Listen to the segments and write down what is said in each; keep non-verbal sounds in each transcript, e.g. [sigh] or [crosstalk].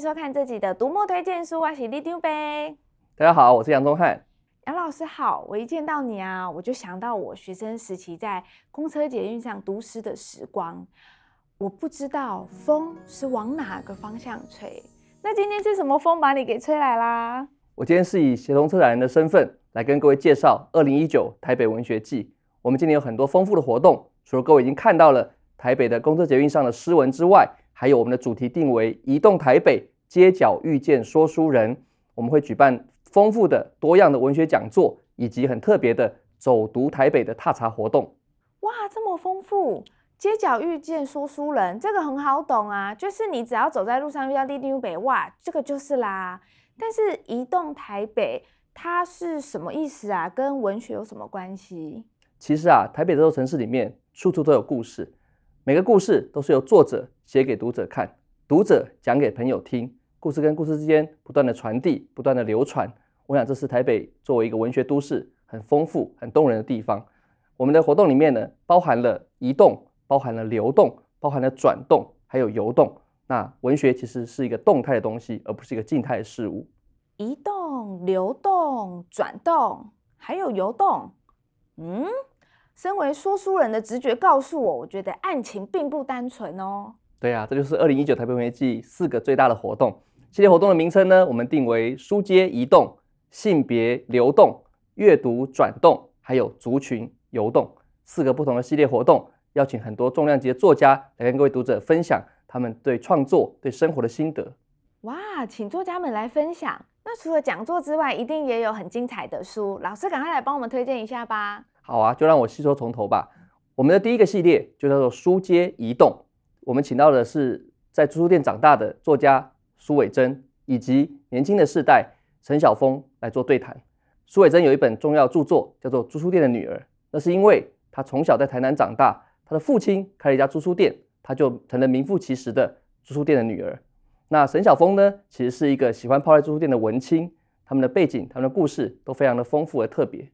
收看這集的讀墨推薦書啊，喜力丟。大家好，我是楊宗翰。楊老師好，我一見到你啊，我就想到我學生時期在公車捷運上讀詩的時光。我不知道風是往哪個方向吹，那今天是什麼風把你給吹來啦？我今天是以協同策展人的身份來跟各位介紹二零一九台北文學季。我們今年有很多豐富的活動，除了各位已經看到了台北的公車捷運上的詩文之外，還有我們的主題定為“移動台北，街角遇見說書人”，我們會舉辦豐富的多樣的文學講座，以及很特別的走讀台北的踏查活動。哇，這麼豐富！街角遇見說書人，這個很好懂啊，就是你只要走在路上遇到地地北，哇，這個就是啦。但是“移動台北”它是什麼意思啊？跟文學有什麼關係？其實啊，台北這座城市裡面，處處都有故事。每個故事都是由作者寫給讀者看，讀者講給朋友聽，故事跟故事之間不斷的傳遞，不斷的流傳。我想這是台北作為一個文學都市，很豐富、很動人的地方。我們的活動裡面呢，包含了移動，包含了流動，包含了轉動，還有游動。那文學其實是一個動態的東西，而不是一個靜態的事物。移動、流動、轉動，還有游動。嗯。身為說書人的直覺告訴我，我覺得案情並不單純哦。對呀、啊，這就是二零一九台北文學季四個最大的活動。系列活動的名稱呢，我們定為“書街移動、性別流動、閱讀轉動”還有“族群游動”四個不同的系列活動，邀請很多重量級的作家來跟各位讀者分享他們對創作、對生活的心得。哇，請作家們來分享。那除了講座之外，一定也有很精彩的書。老師，趕快來幫我們推薦一下吧。好啊，就讓我細說從頭吧。我們的第一個系列就叫做“書街移動”，我們請到的是在租書店長大的作家蘇偉貞，以及年輕的世代陳曉峰來做對談。蘇偉貞有一本重要著作叫做《租書店的女兒》，那是因為他從小在台南長大，他的父親開了一家租書店，他就成了名副其實的租書店的女兒。那陳曉峰呢，其實是一個喜歡泡在租書店的文青，他們的背景、他們的故事都非常的豐富而特別。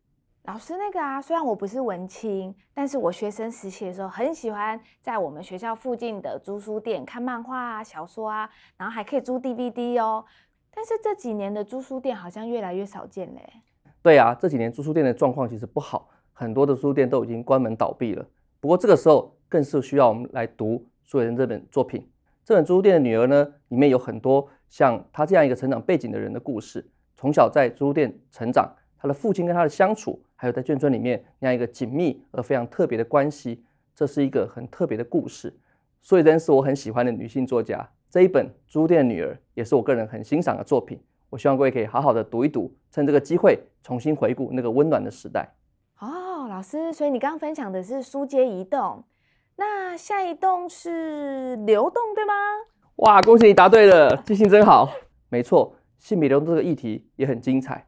老師那個啊，雖然我不是文青，但是我學生時期的時候很喜歡在我們學校附近的租書店看漫畫啊、小說啊，然後還可以租 DVD 哦。但是這幾年的租書店好像越來越少見嘞、欸。對啊，這幾年租書店的狀況其實不好，很多的租書店都已經關門倒閉了。不過這個時候更是需要我們來讀蘇偉貞這本作品。這本《租書店的女兒》呢，裡面有很多像她這樣一個成長背景的人的故事，從小在租書店成長，她的父親跟她的相處。還有在卷宗裡面那樣一個緊密而非常特別的關係，這是一個很特別的故事。所以，這是我很喜歡的女性作家這一本《租店女兒》，也是我個人很欣賞的作品。我希望各位可以好好的讀一讀，趁這個機會重新回顧那個溫暖的時代。哦，老師，所以你剛剛分享的是書接移動，那下一動是流動，對嗎？哇，恭喜你答對了，記性真好。 [laughs] 沒錯，性別流動這個議題也很精彩。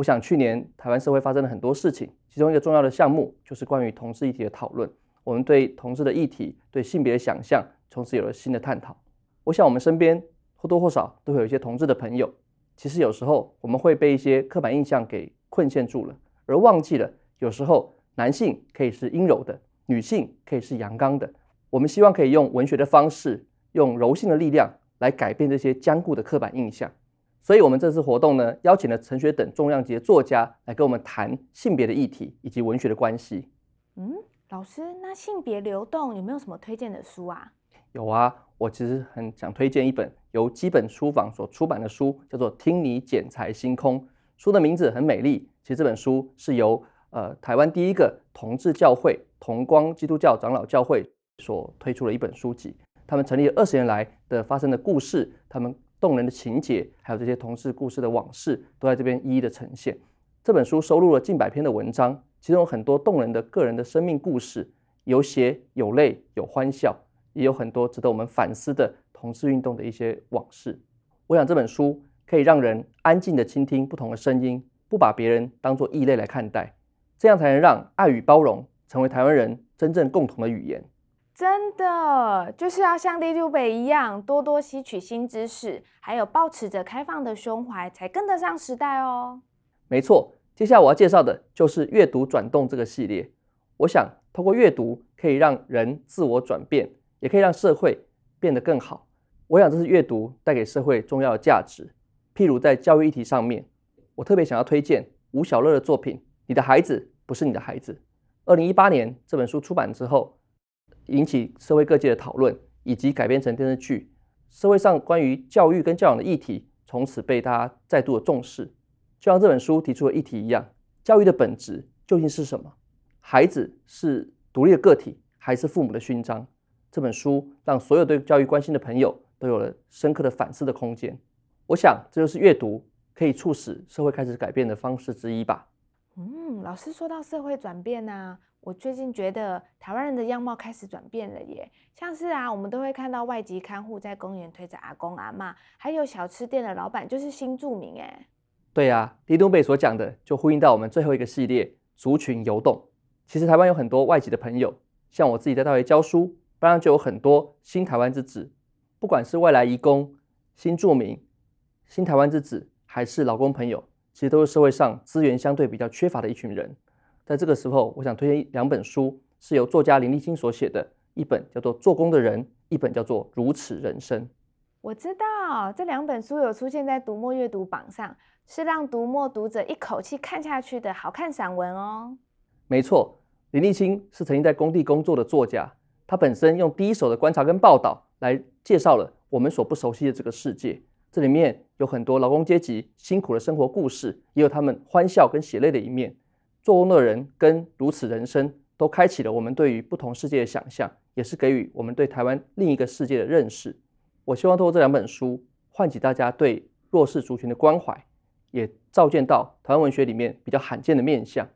我想，去年台灣社會發生了很多事情，其中一個重要的項目就是關於同志議題的討論。我們對同志的議題、對性別的想象，從此有了新的探討。我想，我們身邊或多或少都會有一些同志的朋友。其實，有時候我們會被一些刻板印象給困陷住了，而忘記了，有時候男性可以是陰柔的，女性可以是陽剛的。我們希望可以用文學的方式，用柔性的力量來改變這些僵固的刻板印象。所以，我們這次活動呢，邀請了陳雪等重量級的作家來跟我們談性別的議題以及文學的關係。嗯，老師，那性別流動有沒有什麼推薦的書啊？有啊，我其實很想推薦一本由基本書坊所出版的書，叫做《聽你剪裁星空》。書的名字很美麗。其實這本書是由呃台灣第一個同志教會——同光基督教長老教會所推出的一本書籍。他們成立了二十年來的發生的故事，他們。動人的情節，還有這些同志故事的往事，都在這邊一一的呈現。這本書收錄了近百篇的文章，其中有很多動人的個人的生命故事，有血有淚有歡笑，也有很多值得我們反思的同志運動的一些往事。我想這本書可以讓人安靜地傾聽不同的聲音，不把別人當作異類來看待，這樣才能讓愛與包容成為台灣人真正共同的語言。真的就是要像 Little Bear 一樣，多多吸取新知識，還有保持着開放的胸懷，才跟得上時代哦。沒錯，接下來我要介紹的就是閱讀轉動這個系列。我想通過閱讀可以讓人自我轉變，也可以讓社會變得更好。我想這是閱讀帶給社會重要的價值。譬如在教育議題上面，我特別想要推薦吳曉樂的作品《你的孩子不是你的孩子》。二零一八年這本書出版之後，引起社會各界的討論，以及改編成電視劇，社會上關於教育跟教養的議題從此被大家再度的重視。就像這本書提出的議題一樣，教育的本質究竟是什麼？孩子是獨立的個體，還是父母的勳章？這本書讓所有對教育關心的朋友都有了深刻的反思的空間。我想，這就是閱讀可以促使社會開始改變的方式之一吧。嗯，老師說到社會轉變啊。我最近覺得台灣人的樣貌開始轉變了耶，像是啊，我們都會看到外籍看護在公園推着阿公阿嬤，還有小吃店的老闆就是新住民哎。對啊，李東北所講的就呼應到我們最後一個系列族群游動。其實台灣有很多外籍的朋友，像我自己在大學教書，班上就有很多新台灣之子，不管是外來移工、新住民、新台灣之子，還是勞工朋友。其實都是社會上資源相對比較缺乏的一群人，在這個時候，我想推薦兩本書，是由作家林立青所寫的一本叫做《做工的人》，一本叫做《如此人生》。我知道這兩本書有出現在讀墨閱讀榜上，是讓讀墨讀者一口氣看下去的好看散文哦。沒錯，林立青是曾經在工地工作的作家，他本身用第一手的觀察跟報道，來介紹了我們所不熟悉的這個世界。這裡面有很多勞工階級辛苦的生活故事，也有他們歡笑跟血淚的一面。做工的人跟如此人生，都開啟了我們對於不同世界的想象，也是給予我們對台灣另一個世界的認識。我希望透過這兩本書，喚起大家對弱勢族群的關懷，也照見到台灣文學裡面比較罕見的面向。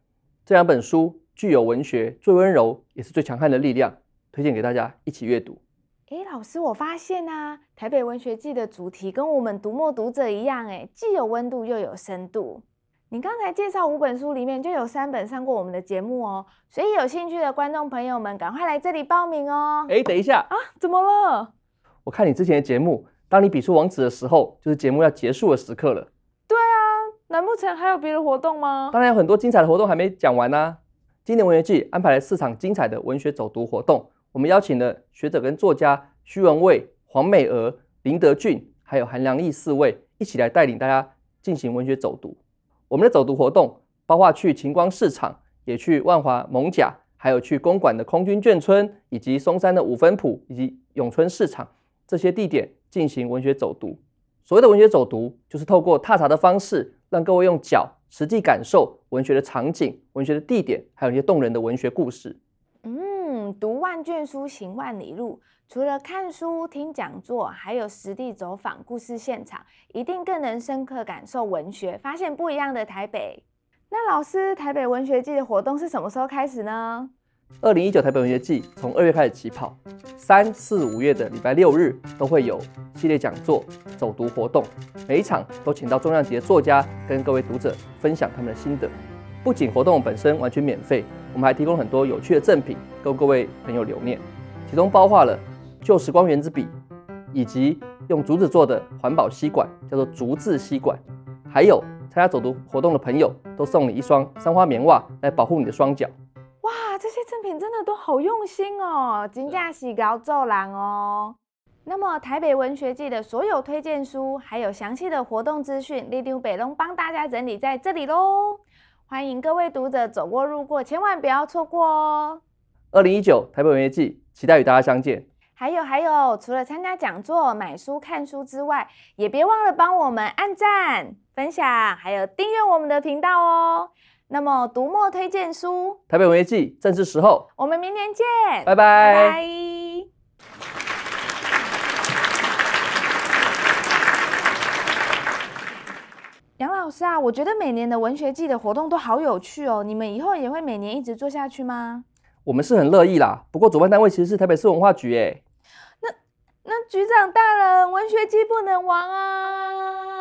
這兩本書具有文學最溫柔也是最強悍的力量，推薦給大家一起閱讀。哎，老師，我發現啊，台北文學季的主題跟我們讀墨讀者一樣，哎，既有溫度又有深度。你剛才介紹五本書裡面就有三本上過我們的節目哦，所以有興趣的觀眾朋友們，趕快來這裡報名哦。哎，等一下啊，怎麼了？我看你之前的節目，當你比出網址的時候，就是節目要結束的時刻了。對啊，難不成還有別的活動嗎？當然有很多精彩的活動還沒講完啊。今年文學季安排了四場精彩的文學走讀活動。我們邀請了學者跟作家須文蔚、黃美娥、林德俊，還有韓良憶四位，一起來帶領大家進行文學走讀。我們的走讀活動包括去晴光市場，也去萬華艋舺，還有去公館的空軍眷村，以及松山的五分埔以及永春市場這些地點進行文學走讀。所謂的文學走讀，就是透過踏查的方式，讓各位用腳實際感受文學的場景、文學的地點，還有一些動人的文學故事。讀萬卷書，行萬里路。除了看書、聽講座，還有實地走訪故事現場，一定更能深刻感受文學，發現不一樣的台北。那老師，台北文學季的活動是什麼時候開始呢？二零一九台北文學季從二月開始起跑，三四五月的禮拜六日都會有系列講座、走讀活動，每一場都請到重量級的作家跟各位讀者分享他們的心得。不僅活動本身完全免費。我們還提供很多有趣的贈品供各位朋友留念，其中包括了舊時光原子筆，以及用竹子做的環保吸管，叫做竹製吸管。還有參加走讀活動的朋友，都送你一雙三花棉襪來保護你的雙腳。哇，這些贈品真的都好用心哦！金價喜高咒郎哦。那麼台北文學季的所有推薦書，還有詳細的活動資訊，麗丟北隆幫大家整理在這裡嘍。歡迎各位讀者走過路過，千萬不要錯過哦！二零一九台北文學季，期待與大家相見。還有還有，除了參加講座、買書、看書之外，也別忘了幫我們按讚、分享，還有訂閱我們的頻道哦！那麼，讀墨推薦書，台北文學季正是時候。我們明天見，拜拜 bye！老師啊，我覺得每年的文學季的活動都好有趣哦。你們以後也會每年一直做下去嗎？我們是很樂意啦。不過主辦單位其實是台北市文化局哎、欸。那那局長大人，文學季不能亡啊。